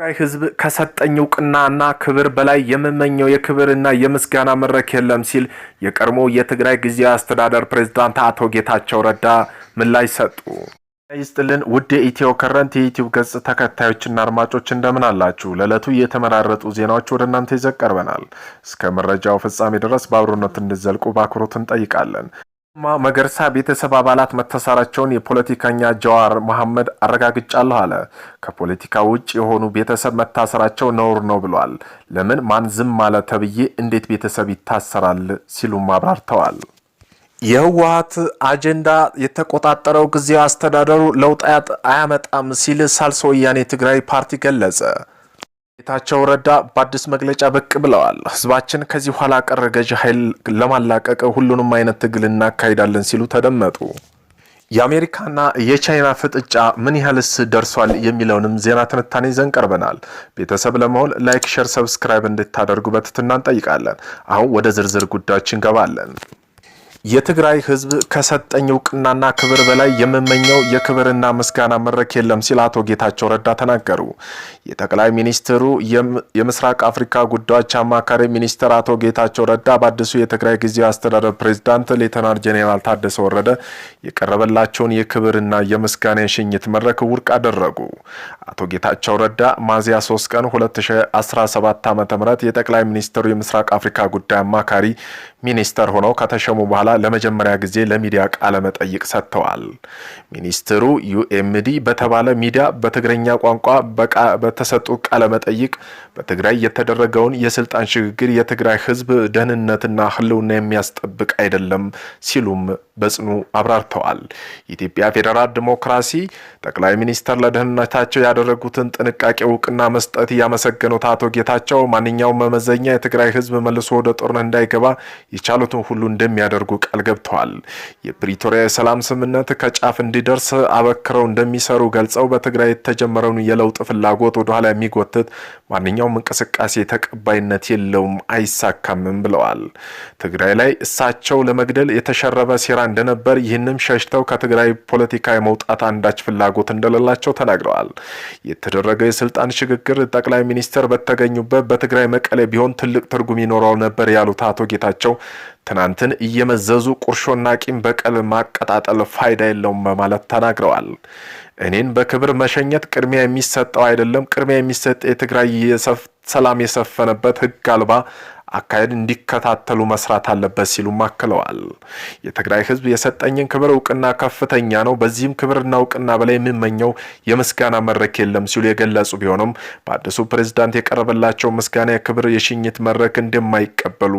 የትግራይ ህዝብ ከሰጠኝ እውቅናና ክብር በላይ የምመኘው የክብርና የምስጋና መድረክ የለም ሲል የቀድሞ የትግራይ ጊዜያዊ አስተዳደር ፕሬዝዳንት አቶ ጌታቸው ረዳ ምላሽ ሰጡ። ይስጥልን ውድ የኢትዮ ከረንት የዩቲዩብ ገጽ ተከታዮችና አድማጮች እንደምን አላችሁ? ለዕለቱ የተመራረጡ ዜናዎች ወደ እናንተ ይዘቀርበናል። እስከ መረጃው ፍጻሜ ድረስ በአብሮነት እንዲዘልቁ በአክብሮት እንጠይቃለን። መገርሳ ቤተሰብ አባላት መታሰራቸውን የፖለቲከኛ ጀዋር መሐመድ አረጋግጫለሁ አለ። ከፖለቲካ ውጭ የሆኑ ቤተሰብ መታሰራቸው ነውር ነው ብሏል። ለምን ማን ዝም አለ ተብዬ እንዴት ቤተሰብ ይታሰራል ሲሉም አብራርተዋል። የህወሀት አጀንዳ የተቆጣጠረው ጊዜያዊ አስተዳደሩ ለውጥ አያመጣም ሲል ሳልሳይ ወያነ ትግራይ ፓርቲ ገለጸ። ጌታቸው ረዳ በአዲስ መግለጫ ብቅ ብለዋል። ህዝባችን ከዚህ ኋላ ቀር ገዢ ኃይል ለማላቀቅ ሁሉንም አይነት ትግል እናካሂዳለን ሲሉ ተደመጡ። የአሜሪካና የቻይና ፍጥጫ ምን ያህልስ ደርሷል የሚለውንም ዜና ትንታኔ ይዘን ቀርበናል። ቤተሰብ ለመሆን ላይክ፣ ሸር፣ ሰብስክራይብ እንድታደርጉ በትትና እንጠይቃለን። አሁን ወደ ዝርዝር ጉዳዮች እንገባለን። የትግራይ ህዝብ ከሰጠኝ እውቅናና ክብር በላይ የምመኘው የክብርና ምስጋና መድረክ የለም ሲል አቶ ጌታቸው ረዳ ተናገሩ። የጠቅላይ ሚኒስትሩ የምስራቅ አፍሪካ ጉዳዮች አማካሪ ሚኒስትር አቶ ጌታቸው ረዳ በአዲሱ የትግራይ ጊዜያዊ አስተዳደር ፕሬዚዳንት ሌተናል ጄኔራል ታደሰ ወረደ የቀረበላቸውን የክብርና የምስጋና የሽኝት መድረክ ውድቅ አደረጉ። አቶ ጌታቸው ረዳ ሚያዝያ 3 ቀን 2017 ዓ ም የጠቅላይ ሚኒስትሩ የምስራቅ አፍሪካ ጉዳይ አማካሪ ሚኒስተር ሆነው ከተሸሙ በኋላ ለመጀመሪያ ጊዜ ለሚዲያ ቃለ መጠይቅ ሰጥተዋል። ሚኒስትሩ ዩኤምዲ በተባለ ሚዲያ በትግረኛ ቋንቋ በተሰጡት ቃለ መጠይቅ በትግራይ የተደረገውን የስልጣን ሽግግር የትግራይ ሕዝብ ደህንነትና ሕልውና የሚያስጠብቅ አይደለም ሲሉም በጽኑ አብራርተዋል። የኢትዮጵያ ፌዴራል ዲሞክራሲ ጠቅላይ ሚኒስተር ለደህንነታቸው ያደረጉትን ጥንቃቄ እውቅና መስጠት ያመሰገኑት አቶ ጌታቸው ማንኛውም መመዘኛ የትግራይ ሕዝብ መልሶ ወደ ጦርነት እንዳይገባ የቻሉትን ሁሉ እንደሚያደርጉ ቃል ገብተዋል። የፕሪቶሪያ የሰላም ስምምነት ከጫፍ እንዲደርስ አበክረው እንደሚሰሩ ገልጸው በትግራይ የተጀመረውን የለውጥ ፍላጎት ወደኋላ የሚጎትት ማንኛውም እንቅስቃሴ ተቀባይነት የለውም፣ አይሳካምም ብለዋል። ትግራይ ላይ እሳቸው ለመግደል የተሸረበ ሴራ እንደነበር፣ ይህንም ሸሽተው ከትግራይ ፖለቲካ የመውጣት አንዳች ፍላጎት እንደሌላቸው ተናግረዋል። የተደረገ የስልጣን ሽግግር ጠቅላይ ሚኒስትር በተገኙበት በትግራይ መቀሌ ቢሆን ትልቅ ትርጉም ይኖረው ነበር ያሉት አቶ ጌታቸው ትናንትን እየመዘዙ ቁርሾና ቂም በቀል ማቀጣጠል ፋይዳ የለውም በማለት ተናግረዋል። እኔን በክብር መሸኘት ቅድሚያ የሚሰጠው አይደለም። ቅድሚያ የሚሰጥ የትግራይ ሰላም የሰፈነበት ህግ አልባ አካሄድ እንዲከታተሉ መስራት አለበት ሲሉም አክለዋል። የትግራይ ህዝብ የሰጠኝን ክብር እውቅና ከፍተኛ ነው። በዚህም ክብርና እውቅና በላይ የምመኘው የምስጋና መድረክ የለም ሲሉ የገለጹ ቢሆንም በአዲሱ ፕሬዝዳንት የቀረበላቸው ምስጋና የክብር የሽኝት መድረክ እንደማይቀበሉ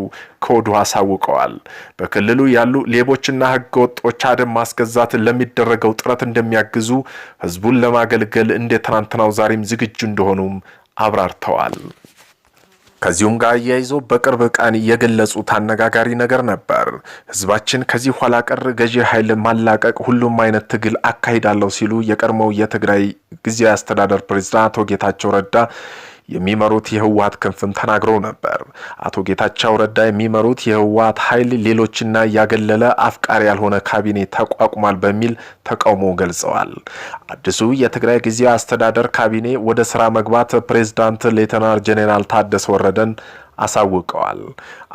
ከወዱ አሳውቀዋል። በክልሉ ያሉ ሌቦችና ህገወጦች አደም ማስገዛት ለሚደረገው ጥረት እንደሚያግዙ፣ ህዝቡን ለማገልገል እንደ ትናንትናው ዛሬም ዝግጁ እንደሆኑም አብራርተዋል። ከዚሁም ጋር አያይዞ በቅርብ ቀን የገለጹት አነጋጋሪ ነገር ነበር። ህዝባችን ከዚህ ኋላ ቀር ገዢ ኃይል ማላቀቅ ሁሉም አይነት ትግል አካሂዳለሁ ሲሉ የቀድሞው የትግራይ ጊዜያዊ አስተዳደር ፕሬዝዳንት አቶ ጌታቸው ረዳ የሚመሩት የህወሀት ክንፍም ተናግረው ነበር። አቶ ጌታቸው ረዳ የሚመሩት የህወሀት ኃይል ሌሎችና ያገለለ አፍቃሪ ያልሆነ ካቢኔ ተቋቁሟል በሚል ተቃውሞ ገልጸዋል። አዲሱ የትግራይ ጊዜ አስተዳደር ካቢኔ ወደ ስራ መግባት ፕሬዝዳንት ሌተናል ጄኔራል ታደሰ ወረደን አሳውቀዋል።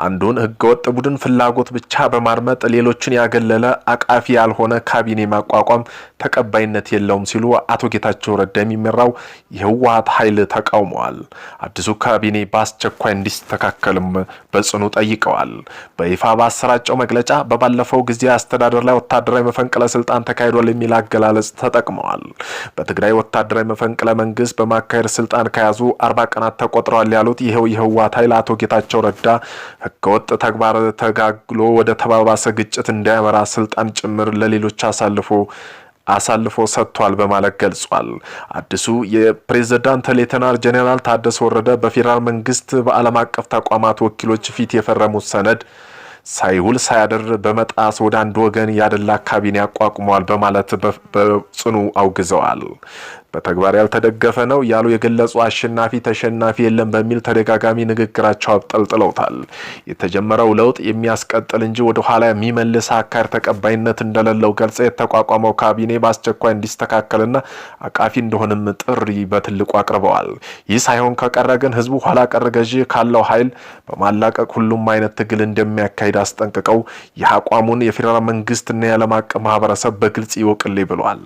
አንዱን ህገወጥ ቡድን ፍላጎት ብቻ በማርመጥ ሌሎችን ያገለለ አቃፊ ያልሆነ ካቢኔ ማቋቋም ተቀባይነት የለውም ሲሉ አቶ ጌታቸው ረዳ የሚመራው የህወሀት ኃይል ተቃውመዋል። አዲሱ ካቢኔ በአስቸኳይ እንዲስተካከልም በጽኑ ጠይቀዋል። በይፋ በአሰራጨው መግለጫ በባለፈው ጊዜ አስተዳደር ላይ ወታደራዊ መፈንቅለ ስልጣን ተካሂዷል የሚል አገላለጽ ተጠቅመዋል። በትግራይ ወታደራዊ መፈንቅለ መንግስት በማካሄድ ስልጣን ከያዙ አርባ ቀናት ተቆጥረዋል ያሉት ይኸው የህወሀት ኃይል አቶ ጌታቸው ረዳ ህገወጥ ተግባር ተጋግሎ ወደ ተባባሰ ግጭት እንዳያመራ ስልጣን ጭምር ለሌሎች አሳልፎ አሳልፎ ሰጥቷል በማለት ገልጿል። አዲሱ የፕሬዝዳንት ሌተናል ጄኔራል ታደሰ ወረደ በፌዴራል መንግስት በዓለም አቀፍ ተቋማት ወኪሎች ፊት የፈረሙት ሰነድ ሳይውል ሳያድር በመጣስ ወደ አንድ ወገን ያደላ ካቢኔ አቋቁመዋል በማለት በጽኑ አውግዘዋል። በተግባር ያልተደገፈ ነው ያሉ የገለጹ አሸናፊ ተሸናፊ የለም በሚል ተደጋጋሚ ንግግራቸው አብጠልጥለውታል። የተጀመረው ለውጥ የሚያስቀጥል እንጂ ወደ ኋላ የሚመልስ አካር ተቀባይነት እንደሌለው ገልጸ የተቋቋመው ካቢኔ በአስቸኳይ እንዲስተካከልና አቃፊ እንደሆንም ጥሪ በትልቁ አቅርበዋል። ይህ ሳይሆን ከቀረ ግን ህዝቡ ኋላ ቀር ገዢ ካለው ኃይል በማላቀቅ ሁሉም አይነት ትግል እንደሚያካሂድ አስጠንቅቀው ይህ አቋሙን የፌዴራል መንግስትና የዓለም አቀፍ ማህበረሰብ በግልጽ ይወቅልኝ ብለዋል።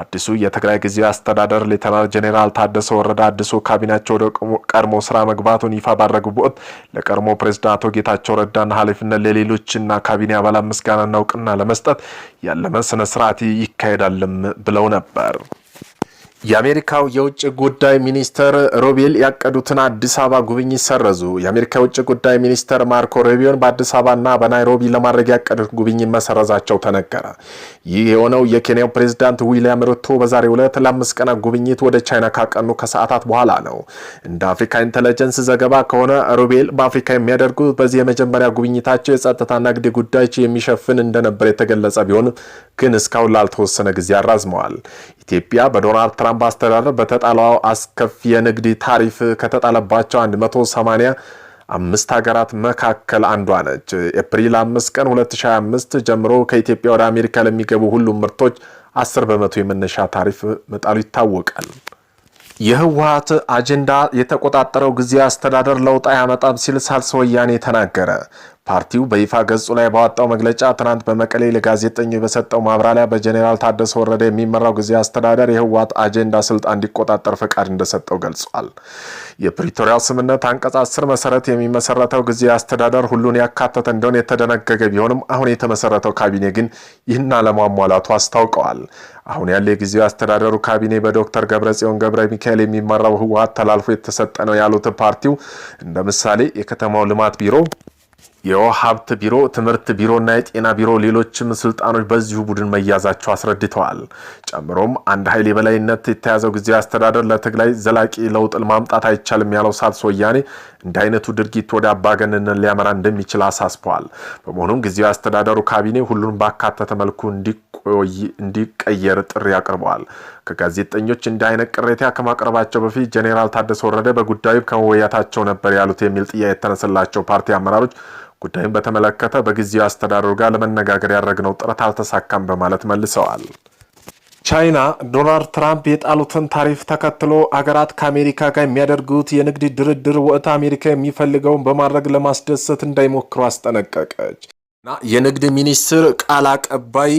አዲሱ የትግራይ ጊዜ አስተዳደ አስተዳደር ሌተናል ጄኔራል ታደሰ ወረደ አዲሱ ካቢናቸው ወደ ቀድሞ ስራ መግባቱን ይፋ ባደረጉበት ለቀድሞ ፕሬዝዳንት አቶ ጌታቸው ረዳና ኃላፊነት ለሌሎችና ካቢኔ አባላት ምስጋናና እውቅና ለመስጠት ያለመ ስነ ስርዓት ይካሄዳልም ብለው ነበር። የአሜሪካው የውጭ ጉዳይ ሚኒስተር ሩቢል ያቀዱትን አዲስ አበባ ጉብኝት ሰረዙ። የአሜሪካ የውጭ ጉዳይ ሚኒስተር ማርኮ ሩቢዮን በአዲስ አበባና በናይሮቢ ለማድረግ ያቀዱት ጉብኝት መሰረዛቸው ተነገረ። ይህ የሆነው የኬንያው ፕሬዝዳንት ዊሊያም ሩቶ በዛሬው ዕለት ለአምስት ቀናት ጉብኝት ወደ ቻይና ካቀኑ ከሰዓታት በኋላ ነው። እንደ አፍሪካ ኢንተለጀንስ ዘገባ ከሆነ ሩቢል በአፍሪካ የሚያደርጉት በዚህ የመጀመሪያ ጉብኝታቸው የጸጥታና ንግድ ጉዳዮች የሚሸፍን እንደነበር የተገለጸ ቢሆንም ግን እስካሁን ላልተወሰነ ጊዜ አራዝመዋል። ኢትዮጵያ በዶናልድ የትራምፕ አስተዳደር በተጣለው አስከፊ የንግድ ታሪፍ ከተጣለባቸው 180 አምስት ሀገራት መካከል አንዷ ነች። ኤፕሪል አምስት ቀን 2025 ጀምሮ ከኢትዮጵያ ወደ አሜሪካ ለሚገቡ ሁሉም ምርቶች 10 በመቶ የመነሻ ታሪፍ መጣሉ ይታወቃል። የህወሀት አጀንዳ የተቆጣጠረው ጊዜ አስተዳደር ለውጥ አያመጣም ሲል ሳልሳይ ወያኔ ተናገረ። ፓርቲው በይፋ ገጹ ላይ ባወጣው መግለጫ ትናንት በመቀሌ ለጋዜጠኞች በሰጠው ማብራሪያ በጀኔራል ታደሰ ወረደ የሚመራው ጊዜ አስተዳደር የህወሓት አጀንዳ ስልጣን እንዲቆጣጠር ፈቃድ እንደሰጠው ገልጿል። የፕሪቶሪያው ስምምነት አንቀጽ አስር መሰረት የሚመሰረተው ጊዜ አስተዳደር ሁሉን ያካተተ እንደሆነ የተደነገገ ቢሆንም አሁን የተመሰረተው ካቢኔ ግን ይህን አለማሟላቱ አስታውቀዋል። አሁን ያለ የጊዜው አስተዳደሩ ካቢኔ በዶክተር ገብረጽዮን ገብረ ሚካኤል የሚመራው ህወሓት ተላልፎ የተሰጠ ነው ያሉት ፓርቲው እንደ ምሳሌ የከተማው ልማት ቢሮ የውሃ ሀብት ቢሮ፣ ትምህርት ቢሮና የጤና ቢሮ ሌሎችም ስልጣኖች በዚሁ ቡድን መያዛቸው አስረድተዋል። ጨምሮም አንድ ኃይል የበላይነት የተያዘው ጊዜ አስተዳደር ለትግራይ ዘላቂ ለውጥ ማምጣት አይቻልም ያለው ሳልሳይ ወያኔ እንደ አይነቱ ድርጊት ወደ አምባገነንነት ሊያመራ እንደሚችል አሳስበዋል። በመሆኑም ጊዜያዊ አስተዳደሩ ካቢኔ ሁሉን ባካተተ መልኩ እንዲቀየር ጥሪ አቅርበዋል። ከጋዜጠኞች እንዲህ አይነት ቅሬታ ከማቅረባቸው በፊት ጄኔራል ታደሰ ወረደ በጉዳዩ ከመወያታቸው ነበር ያሉት የሚል ጥያቄ የተነሰላቸው ፓርቲ አመራሮች ጉዳዩን በተመለከተ በጊዜው አስተዳደሩ ጋር ለመነጋገር ያደረግነው ጥረት አልተሳካም በማለት መልሰዋል። ቻይና ዶናልድ ትራምፕ የጣሉትን ታሪፍ ተከትሎ አገራት ከአሜሪካ ጋር የሚያደርጉት የንግድ ድርድር ወቅት አሜሪካ የሚፈልገውን በማድረግ ለማስደሰት እንዳይሞክሩ አስጠነቀቀች እና የንግድ ሚኒስትር ቃል አቀባይ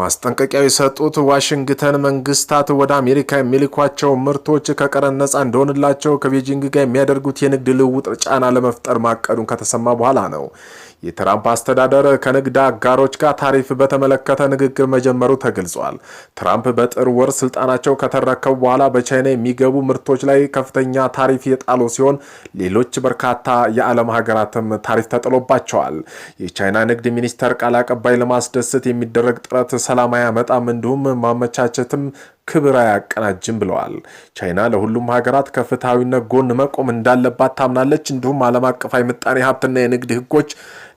ማስጠንቀቂያው የሰጡት ዋሽንግተን መንግስታት ወደ አሜሪካ የሚልኳቸው ምርቶች ከቀረጥ ነጻ እንደሆንላቸው ከቤጂንግ ጋር የሚያደርጉት የንግድ ልውውጥ ጫና ለመፍጠር ማቀዱን ከተሰማ በኋላ ነው። የትራምፕ አስተዳደር ከንግድ አጋሮች ጋር ታሪፍ በተመለከተ ንግግር መጀመሩ ተገልጿል። ትራምፕ በጥር ወር ስልጣናቸው ከተረከቡ በኋላ በቻይና የሚገቡ ምርቶች ላይ ከፍተኛ ታሪፍ የጣሉ ሲሆን ሌሎች በርካታ የዓለም ሀገራትም ታሪፍ ተጥሎባቸዋል። የቻይና ንግድ ሚኒስቴር ቃል አቀባይ ለማስደሰት የሚደረግ ጥረት ሰላም አያመጣም፣ እንዲሁም ማመቻቸትም ክብር አያቀናጅም ብለዋል። ቻይና ለሁሉም ሀገራት ከፍትሐዊነት ጎን መቆም እንዳለባት ታምናለች። እንዲሁም ዓለም አቀፋዊ ምጣኔ ሀብትና የንግድ ህጎች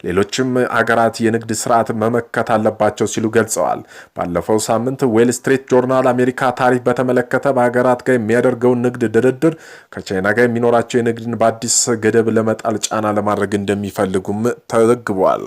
ሌሎችም አገራት የንግድ ስርዓት መመከት አለባቸው ሲሉ ገልጸዋል። ባለፈው ሳምንት ዌል ስትሪት ጆርናል አሜሪካ ታሪፍ በተመለከተ በሀገራት ጋር የሚያደርገውን ንግድ ድርድር ከቻይና ጋር የሚኖራቸው የንግድን በአዲስ ገደብ ለመጣል ጫና ለማድረግ እንደሚፈልጉም ተዘግቧል።